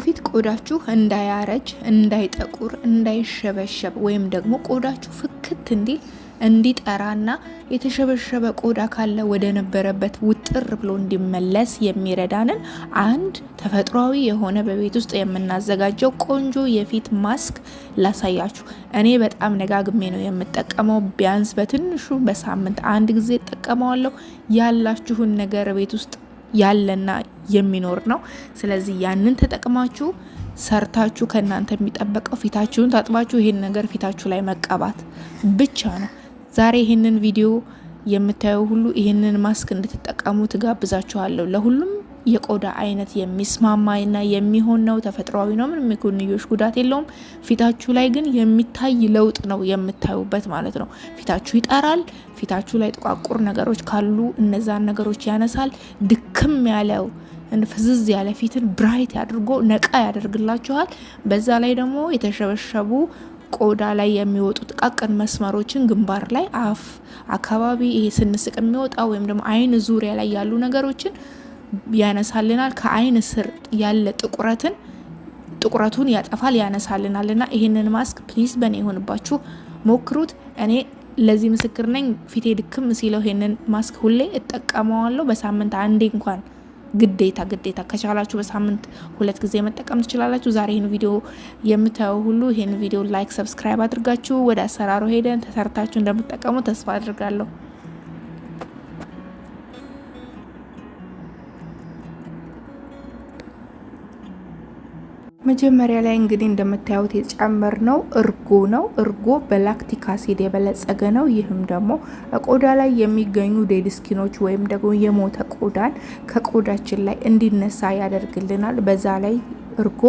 በፊት ቆዳችሁ እንዳያረጅ፣ እንዳይጠቁር፣ እንዳይሸበሸብ ወይም ደግሞ ቆዳችሁ ፍክት እንዲል እንዲጠራና የተሸበሸበ ቆዳ ካለ ወደ ነበረበት ውጥር ብሎ እንዲመለስ የሚረዳንን አንድ ተፈጥሯዊ የሆነ በቤት ውስጥ የምናዘጋጀው ቆንጆ የፊት ማስክ ላሳያችሁ። እኔ በጣም ነጋግሜ ነው የምጠቀመው። ቢያንስ በትንሹ በሳምንት አንድ ጊዜ እጠቀመዋለሁ። ያላችሁን ነገር ቤት ውስጥ ያለና የሚኖር ነው። ስለዚህ ያንን ተጠቅማችሁ ሰርታችሁ ከእናንተ የሚጠበቀው ፊታችሁን ታጥባችሁ ይህን ነገር ፊታችሁ ላይ መቀባት ብቻ ነው። ዛሬ ይህንን ቪዲዮ የምታየው ሁሉ ይህንን ማስክ እንድትጠቀሙ ትጋብዛችኋለሁ ለሁሉም የቆዳ አይነት የሚስማማና የሚሆን ነው። ተፈጥሯዊ ነው። ምንም የጎንዮሽ ጉዳት የለውም። ፊታችሁ ላይ ግን የሚታይ ለውጥ ነው የምታዩበት ማለት ነው። ፊታችሁ ይጠራል። ፊታችሁ ላይ ጥቋቁር ነገሮች ካሉ እነዛን ነገሮች ያነሳል። ድክም ያለው ፍዝዝ ያለ ፊትን ብራይት አድርጎ ነቃ ያደርግላችኋል። በዛ ላይ ደግሞ የተሸበሸቡ ቆዳ ላይ የሚወጡ ጥቃቅን መስመሮችን ግንባር ላይ፣ አፍ አካባቢ ይሄ ስንስቅ የሚወጣ ወይም ደግሞ አይን ዙሪያ ላይ ያሉ ነገሮችን ያነሳልናል። ከአይን ስር ያለ ጥቁረትን ጥቁረቱን ያጠፋል፣ ያነሳልናል። እና ይህንን ማስክ ፕሊዝ በእኔ የሆንባችሁ ሞክሩት። እኔ ለዚህ ምስክር ነኝ። ፊቴ ድክም ሲለው ይህንን ማስክ ሁሌ እጠቀመዋለሁ። በሳምንት አንዴ እንኳን ግዴታ ግዴታ ከቻላችሁ በሳምንት ሁለት ጊዜ መጠቀም ትችላላችሁ። ዛሬ ይህን ቪዲዮ የምታየው ሁሉ ይህን ቪዲዮ ላይክ፣ ሰብስክራይብ አድርጋችሁ ወደ አሰራሩ ሄደን ተሰርታችሁ እንደምትጠቀሙ ተስፋ አድርጋለሁ። መጀመሪያ ላይ እንግዲህ እንደምታዩት የጨመርነው እርጎ ነው። እርጎ በላክቲክ አሲድ የበለጸገ ነው። ይህም ደግሞ ቆዳ ላይ የሚገኙ ዴድ ስኪኖች ወይም ደግሞ የሞተ ቆዳን ከቆዳችን ላይ እንዲነሳ ያደርግልናል። በዛ ላይ እርጎ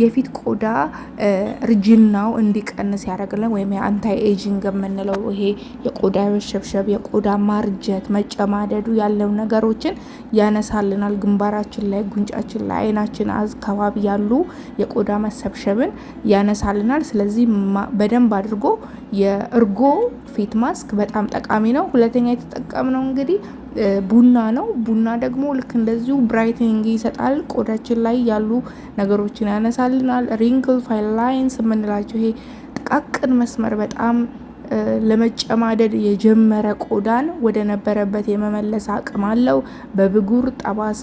የፊት ቆዳ እርጅናው እንዲቀንስ ያደርግልን ወይም የአንታይ ኤጂንግ የምንለው ይሄ የቆዳ መሸብሸብ፣ የቆዳ ማርጀት፣ መጨማደዱ ያለው ነገሮችን ያነሳልናል። ግንባራችን ላይ፣ ጉንጫችን ላይ፣ አይናችን አካባቢ ያሉ የቆዳ መሰብሸብን ያነሳልናል። ስለዚህ በደንብ አድርጎ የእርጎ ፊት ማስክ በጣም ጠቃሚ ነው። ሁለተኛ የተጠቀምነው እንግዲህ ቡና ነው። ቡና ደግሞ ልክ እንደዚሁ ብራይቲንግ ይሰጣል። ቆዳችን ላይ ያሉ ነገሮችን ያነሳልናል። ሪንክል ፋይን ላይንስ የምንላቸው ይሄ ጥቃቅን መስመር በጣም ለመጨማደድ የጀመረ ቆዳን ወደ ነበረበት የመመለስ አቅም አለው። በብጉር ጠባሳ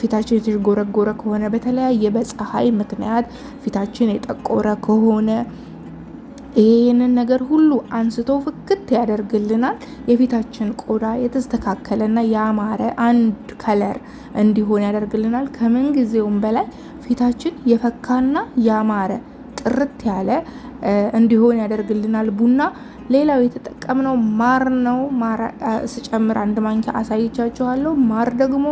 ፊታችን የተጎረጎረ ከሆነ በተለያየ በፀሐይ ምክንያት ፊታችን የጠቆረ ከሆነ ይህንን ነገር ሁሉ አንስቶ ፍክት ያደርግልናል። የፊታችን ቆዳ የተስተካከለና ያማረ አንድ ከለር እንዲሆን ያደርግልናል። ከምን ጊዜውም በላይ ፊታችን የፈካና ያማረ ጥርት ያለ እንዲሆን ያደርግልናል። ቡና ሌላው የተጠቀምነው ማር ነው። ማር ስጨምር አንድ ማንኪያ አሳይቻችኋለሁ። ማር ደግሞ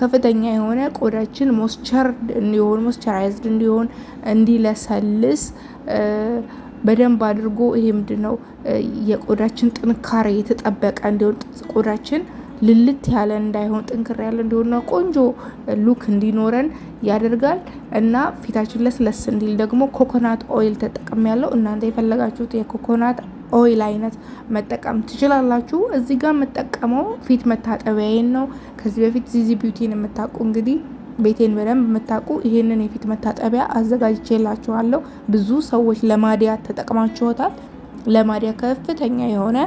ከፍተኛ የሆነ ቆዳችን ሞስቸር እንዲሆን ሞስቸራይዝድ እንዲሆን እንዲለሰልስ በደንብ አድርጎ ይሄ ምንድነው የቆዳችን ጥንካሬ የተጠበቀ እንዲሆን ቆዳችን ልልት ያለ እንዳይሆን ጥንክር ያለ እንዲሆንና ቆንጆ ሉክ እንዲኖረን ያደርጋል እና ፊታችን ለስለስ እንዲል ደግሞ ኮኮናት ኦይል ተጠቅም ያለው እናንተ የፈለጋችሁት የኮኮናት ኦይል አይነት መጠቀም ትችላላችሁ። እዚህ ጋር የምጠቀመው ፊት መታጠቢያዬን ነው። ከዚህ በፊት ዚዚ ቢዩቲን የምታውቁ እንግዲህ ቤቴን በደንብ የምታውቁ ይህንን የፊት መታጠቢያ አዘጋጅቼላችኋለሁ። ብዙ ሰዎች ለማዲያ ተጠቅማችሁታል። ለማዲያ ከፍተኛ የሆነ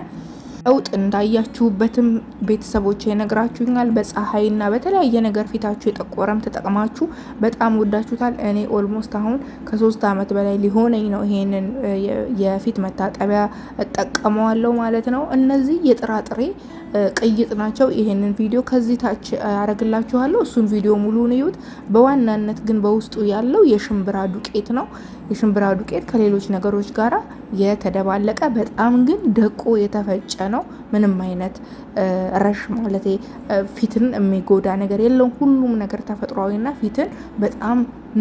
እውጥ እንዳያችሁበትም ቤተሰቦች ይነግራችሁኛል። በፀሐይና በተለያየ ነገር ፊታችሁ የጠቆረም ተጠቅማችሁ በጣም ወዳችሁታል። እኔ ኦልሞስት አሁን ከሶስት አመት በላይ ሊሆነኝ ነው ይሄንን የፊት መታጠቢያ እጠቀመዋለሁ ማለት ነው። እነዚህ የጥራጥሬ ቅይጥ ናቸው። ይሄንን ቪዲዮ ከዚህ ታች አረግላችኋለሁ። እሱን ቪዲዮ ሙሉውን እዩት። በዋናነት ግን በውስጡ ያለው የሽምብራ ዱቄት ነው። የሽምብራ ዱቄት ከሌሎች ነገሮች ጋራ የተደባለቀ በጣም ግን ደቆ የተፈጨ ነው። ምንም አይነት ረሽ ማለት ፊትን የሚጎዳ ነገር የለውም። ሁሉም ነገር ተፈጥሯዊና ፊትን በጣም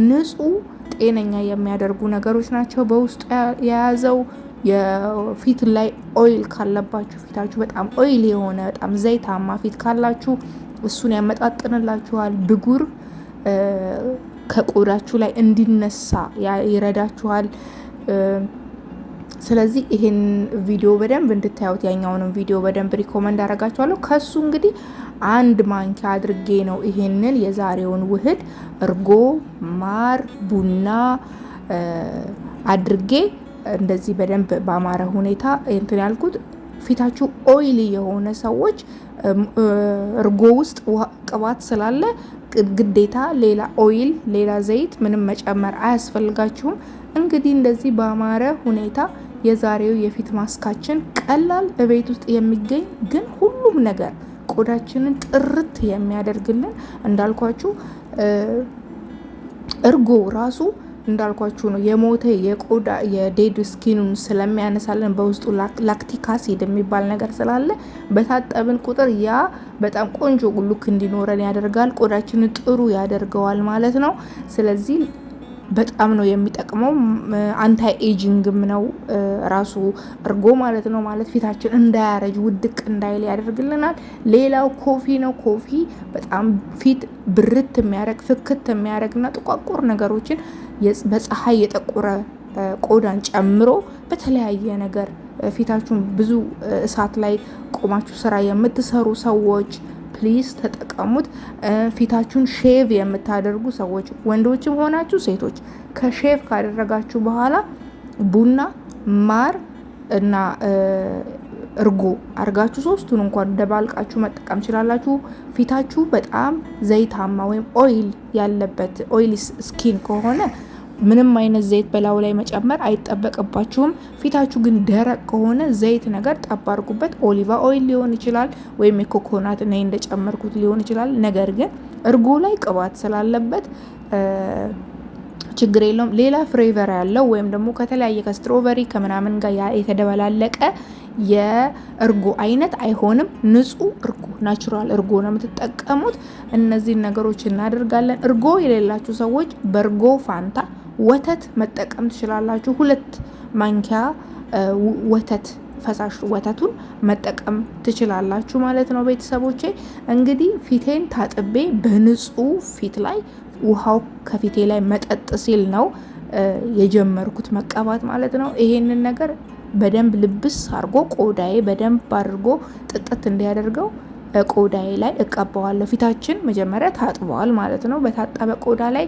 ንጹህ ጤነኛ የሚያደርጉ ነገሮች ናቸው በውስጡ የያዘው። የፊት ላይ ኦይል ካለባችሁ ፊታችሁ በጣም ኦይል የሆነ በጣም ዘይታማ ፊት ካላችሁ እሱን ያመጣጥንላችኋል። ብጉር ከቆዳችሁ ላይ እንዲነሳ ይረዳችኋል። ስለዚህ ይሄን ቪዲዮ በደንብ እንድታዩት ያኛውንም ቪዲዮ በደንብ ሪኮመንድ አረጋችኋለሁ። ከሱ እንግዲህ አንድ ማንኪያ አድርጌ ነው ይሄንን የዛሬውን ውህድ እርጎ፣ ማር፣ ቡና አድርጌ እንደዚህ በደንብ በአማረ ሁኔታ እንትን ያልኩት። ፊታችሁ ኦይሊ የሆነ ሰዎች እርጎ ውስጥ ቅባት ስላለ ግዴታ ሌላ ኦይል ሌላ ዘይት ምንም መጨመር አያስፈልጋችሁም። እንግዲህ እንደዚህ ባማረ ሁኔታ የዛሬው የፊት ማስካችን ቀላል እቤት ውስጥ የሚገኝ ግን ሁሉም ነገር ቆዳችንን ጥርት የሚያደርግልን እንዳልኳችሁ እርጎ ራሱ እንዳልኳችሁ ነው የሞተ የቆዳ የዴድ ስኪኑን ስለሚያነሳልን በውስጡ ላክቲክ አሲድ የሚባል ነገር ስላለ በታጠብን ቁጥር ያ በጣም ቆንጆ ሉክ እንዲኖረን ያደርጋል። ቆዳችንን ጥሩ ያደርገዋል ማለት ነው። ስለዚህ በጣም ነው የሚጠቅመው። አንታይ ኤጂንግም ነው ራሱ እርጎ ማለት ነው። ማለት ፊታችን እንዳያረጅ ውድቅ እንዳይል ያደርግልናል። ሌላው ኮፊ ነው። ኮፊ በጣም ፊት ብርት የሚያደርግ ፍክት የሚያደርግና ጥቋቁር ነገሮችን በፀሐይ የጠቆረ ቆዳን ጨምሮ በተለያየ ነገር ፊታችሁን ብዙ እሳት ላይ ቆማችሁ ስራ የምትሰሩ ሰዎች ፕሊዝ ተጠቀሙት። ፊታችሁን ሼቭ የምታደርጉ ሰዎች ወንዶችም ሆናችሁ ሴቶች ከሼቭ ካደረጋችሁ በኋላ ቡና፣ ማር እና እርጎ አርጋችሁ ሶስቱን እንኳን ደባልቃችሁ መጠቀም ችላላችሁ። ፊታችሁ በጣም ዘይታማ ወይም ኦይል ያለበት ኦይል ስኪን ከሆነ ምንም አይነት ዘይት በላዩ ላይ መጨመር አይጠበቅባችሁም። ፊታችሁ ግን ደረቅ ከሆነ ዘይት ነገር ጠብ አድርጉበት። ኦሊቫ ኦይል ሊሆን ይችላል ወይም የኮኮናት ነይ እንደጨመርኩት ሊሆን ይችላል። ነገር ግን እርጎ ላይ ቅባት ስላለበት ችግር የለውም። ሌላ ፍሬቨር ያለው ወይም ደግሞ ከተለያየ ከስትሮቨሪ ከምናምን ጋር የተደበላለቀ የእርጎ አይነት አይሆንም። ንጹህ እርጎ ናቹራል እርጎ ነው የምትጠቀሙት። እነዚህን ነገሮች እናደርጋለን። እርጎ የሌላችሁ ሰዎች በእርጎ ፋንታ ወተት መጠቀም ትችላላችሁ። ሁለት ማንኪያ ወተት ፈሳሽ ወተቱን መጠቀም ትችላላችሁ ማለት ነው። ቤተሰቦቼ እንግዲህ ፊቴን ታጥቤ በንጹህ ፊት ላይ ውሃው ከፊቴ ላይ መጠጥ ሲል ነው የጀመርኩት መቀባት ማለት ነው። ይሄንን ነገር በደንብ ልብስ አድርጎ ቆዳዬ በደንብ አድርጎ ጥጥት እንዲያደርገው በቆዳዬ ላይ እቀባዋለሁ። ፊታችን መጀመሪያ ታጥበዋል ማለት ነው። በታጠበ ቆዳ ላይ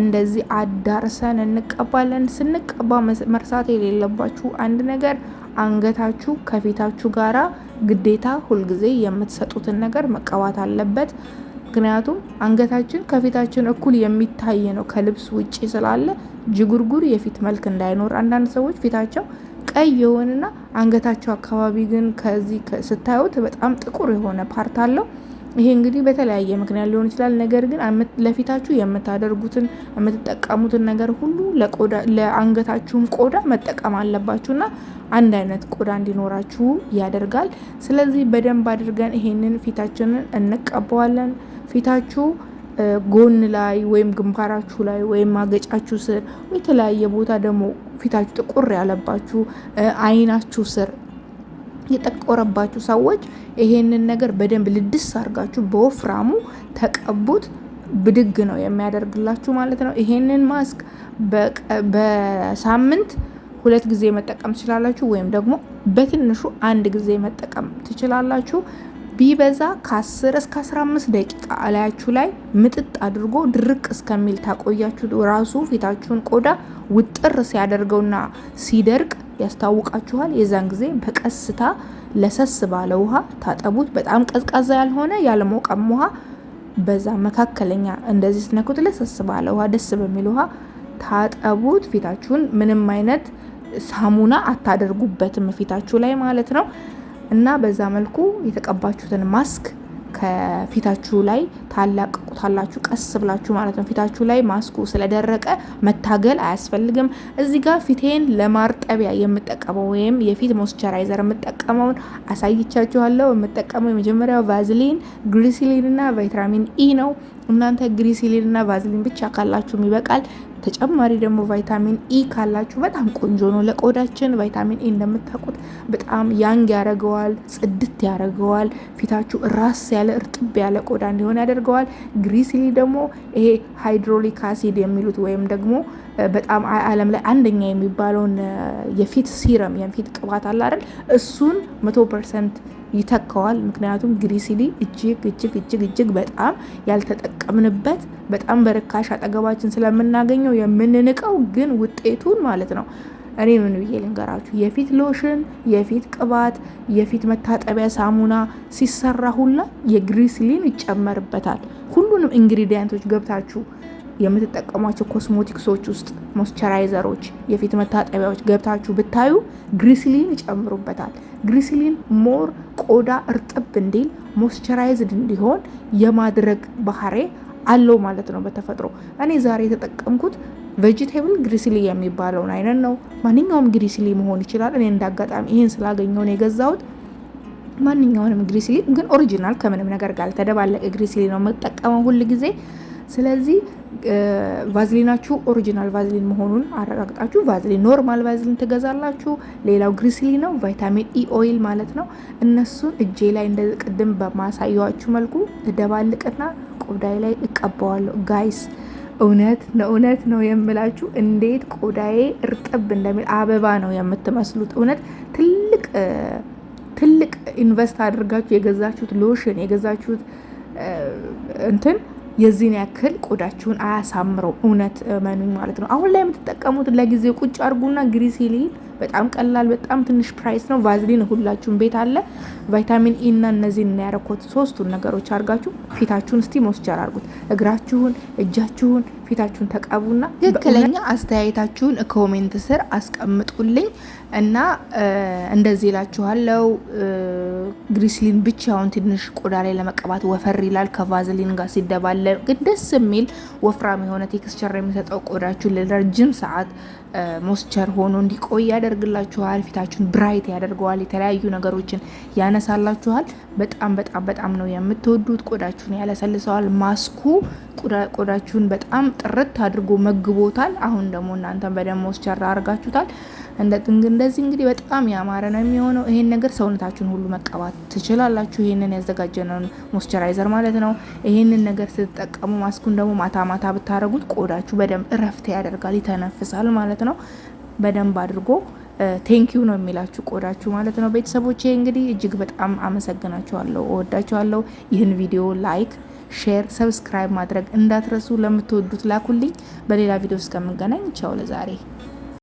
እንደዚህ አዳርሰን እንቀባለን። ስንቀባ መርሳት የሌለባችሁ አንድ ነገር አንገታችሁ ከፊታችሁ ጋራ ግዴታ ሁልጊዜ የምትሰጡትን ነገር መቀባት አለበት። ምክንያቱም አንገታችን ከፊታችን እኩል የሚታይ ነው ከልብስ ውጭ ስላለ ጅጉርጉር የፊት መልክ እንዳይኖር አንዳንድ ሰዎች ፊታቸው ቀይ የሆነና አንገታቸው አካባቢ ግን ከዚህ ስታዩት በጣም ጥቁር የሆነ ፓርት አለው። ይሄ እንግዲህ በተለያየ ምክንያት ሊሆን ይችላል። ነገር ግን ለፊታችሁ የምታደርጉትን የምትጠቀሙትን ነገር ሁሉ ለአንገታችሁም ቆዳ መጠቀም አለባችሁና አንድ አይነት ቆዳ እንዲኖራችሁ ያደርጋል። ስለዚህ በደንብ አድርገን ይሄንን ፊታችንን እንቀባዋለን። ፊታችሁ ጎን ላይ ወይም ግንባራችሁ ላይ ወይም ማገጫችሁ ስር የተለያየ ቦታ ደግሞ ፊታችሁ ጥቁር ያለባችሁ፣ አይናችሁ ስር የጠቆረባችሁ ሰዎች ይሄንን ነገር በደንብ ልድስ አድርጋችሁ በወፍራሙ ተቀቡት። ብድግ ነው የሚያደርግላችሁ ማለት ነው። ይሄንን ማስክ በሳምንት ሁለት ጊዜ መጠቀም ትችላላችሁ፣ ወይም ደግሞ በትንሹ አንድ ጊዜ መጠቀም ትችላላችሁ። ቢበዛ ከ10 እስከ 15 ደቂቃ እላያችሁ ላይ ምጥጥ አድርጎ ድርቅ እስከሚል ታቆያችሁ ራሱ ፊታችሁን ቆዳ ውጥር ሲያደርገውና ሲደርቅ ያስታውቃችኋል። የዛን ጊዜ በቀስታ ለሰስ ባለ ውሃ ታጠቡት። በጣም ቀዝቃዛ ያልሆነ ያለሞቀም ውሃ በዛ መካከለኛ እንደዚህ ስነኩት ለሰስ ባለ ውሃ፣ ደስ በሚል ውሃ ታጠቡት። ፊታችሁን ምንም አይነት ሳሙና አታደርጉበትም ፊታችሁ ላይ ማለት ነው። እና በዛ መልኩ የተቀባችሁትን ማስክ ከፊታችሁ ላይ ታላቅቁታላችሁ ቀስ ብላችሁ ማለት ነው። ፊታችሁ ላይ ማስኩ ስለደረቀ መታገል አያስፈልግም። እዚህ ጋር ፊቴን ለማርጠቢያ የምጠቀመው ወይም የፊት ሞስቸራይዘር የምጠቀመውን አሳይቻችኋለሁ። የምጠቀመው የመጀመሪያው ቫዝሊን፣ ግሪሲሊን እና ቫይታሚን ኢ ነው። እናንተ ግሪሲሊን እና ቫዝሊን ብቻ ካላችሁም ይበቃል። ተጨማሪ ደግሞ ቫይታሚን ኢ e ካላችሁ በጣም ቆንጆ ነው ለቆዳችን። ቫይታሚን ኢ e እንደምታውቁት በጣም ያንግ ያደርገዋል፣ ጽድት ያደርገዋል። ፊታችሁ ራስ ያለ እርጥብ ያለ ቆዳ እንዲሆን ያደርገዋል። ግሪሲሊ ደግሞ ይሄ ሃይድሮሊክ አሲድ የሚሉት ወይም ደግሞ በጣም ዓለም ላይ አንደኛ የሚባለውን የፊት ሲረም የፊት ቅባት አለ አይደል? እሱን መቶ ፐርሰንት ይተካዋል። ምክንያቱም ግሪሲሊ እጅግ እጅግ እጅግ እጅግ በጣም ያልተጠቀምንበት በጣም በርካሽ አጠገባችን ስለምናገኘው የምንንቀው ግን ውጤቱን ማለት ነው። እኔ ምን ብዬ ልንገራችሁ፣ የፊት ሎሽን፣ የፊት ቅባት፣ የፊት መታጠቢያ ሳሙና ሲሰራ ሁላ የግሪስሊን ይጨመርበታል። ሁሉንም ኢንግሪዲያንቶች ገብታችሁ የምትጠቀሟቸው ኮስሞቲክሶች ውስጥ ሞስቸራይዘሮች የፊት መታጠቢያዎች ገብታችሁ ብታዩ ግሪስሊን ይጨምሩበታል። ግሪስሊን ሞር ቆዳ እርጥብ እንዲል ሞስቸራይዝድ እንዲሆን የማድረግ ባህሪ አለው ማለት ነው በተፈጥሮ። እኔ ዛሬ የተጠቀምኩት ቬጅቴብል ግሪስሊ የሚባለውን አይነት ነው። ማንኛውም ግሪስሊ መሆን ይችላል። እኔ እንዳጋጣሚ ይህን ስላገኘው ነው የገዛሁት። ማንኛውንም ግሪስሊ ግን ኦሪጂናል ከምንም ነገር ጋር ተደባለቀ ግሪስሊ ነው የምጠቀመው ሁል ጊዜ ስለዚህ ቫዝሊናችሁ ኦሪጂናል ቫዝሊን መሆኑን አረጋግጣችሁ ቫዝሊን ኖርማል ቫዝሊን ትገዛላችሁ። ሌላው ግሪስሊ ነው፣ ቫይታሚን ኢ ኦይል ማለት ነው። እነሱን እጄ ላይ እንደ ቅድም በማሳየዋችሁ መልኩ እደባልቅና ቆዳዬ ላይ እቀባዋለሁ። ጋይስ እውነት እውነት ነው የምላችሁ፣ እንዴት ቆዳዬ እርጥብ እንደሚል አበባ ነው የምትመስሉት። እውነት ትልቅ ትልቅ ኢንቨስት አድርጋችሁ የገዛችሁት ሎሽን የገዛችሁት እንትን የዚህን ያክል ቆዳችሁን አያሳምረው። እውነት መኑኝ ማለት ነው። አሁን ላይ የምትጠቀሙት ለጊዜው ቁጭ አርጉና ግሪሲሊን በጣም ቀላል በጣም ትንሽ ፕራይስ ነው። ቫዝሊን ሁላችሁም ቤት አለ። ቫይታሚን ኢ e እና እነዚህን እና ያረኮት ሶስቱን ነገሮች አድርጋችሁ ፊታችሁን እስቲ ሞስቸር አድርጉት። እግራችሁን፣ እጃችሁን፣ ፊታችሁን ተቀቡና ትክክለኛ አስተያየታችሁን ኮሜንት ስር አስቀምጡልኝ እና እንደዚህ ላችኋለው። ግሪስሊን ብቻውን ትንሽ ቆዳ ላይ ለመቀባት ወፈር ይላል ከቫዝሊን ጋር ሲደባለ ግን ደስ የሚል ወፍራም የሆነ ቴክስቸር የሚሰጠው ቆዳችሁን ለረጅም ሰዓት ሞስቸር ሆኖ እንዲቆይ ያደ ያደርግላችኋል። ፊታችሁን ብራይት ያደርገዋል። የተለያዩ ነገሮችን ያነሳላችኋል። በጣም በጣም በጣም ነው የምትወዱት። ቆዳችሁን ያለሰልሰዋል። ማስኩ ቆዳችሁን በጣም ጥርት አድርጎ መግቦታል። አሁን ደግሞ እናንተን በደሞ ሞስቸራ አድርጋችሁታል። እንደዚህ እንግዲህ በጣም ያማረ ነው የሚሆነው። ይሄን ነገር ሰውነታችሁን ሁሉ መቀባት ትችላላችሁ። ይሄንን ያዘጋጀነውን ሞስቸራይዘር ማለት ነው። ይሄንን ነገር ስትጠቀሙ ማስኩን ደግሞ ማታ ማታ ብታረጉት ቆዳችሁ በደንብ እረፍት ያደርጋል፣ ይተነፍሳል ማለት ነው። በደንብ አድርጎ ቴንኪዩ ነው የሚላችሁ ቆዳችሁ ማለት ነው። ቤተሰቦቼ እንግዲህ እጅግ በጣም አመሰግናችኋለሁ፣ እወዳችኋለሁ። ይህን ቪዲዮ ላይክ፣ ሼር፣ ሰብስክራይብ ማድረግ እንዳትረሱ። ለምትወዱት ላኩልኝ። በሌላ ቪዲዮ እስከምንገናኝ ቻው ለዛሬ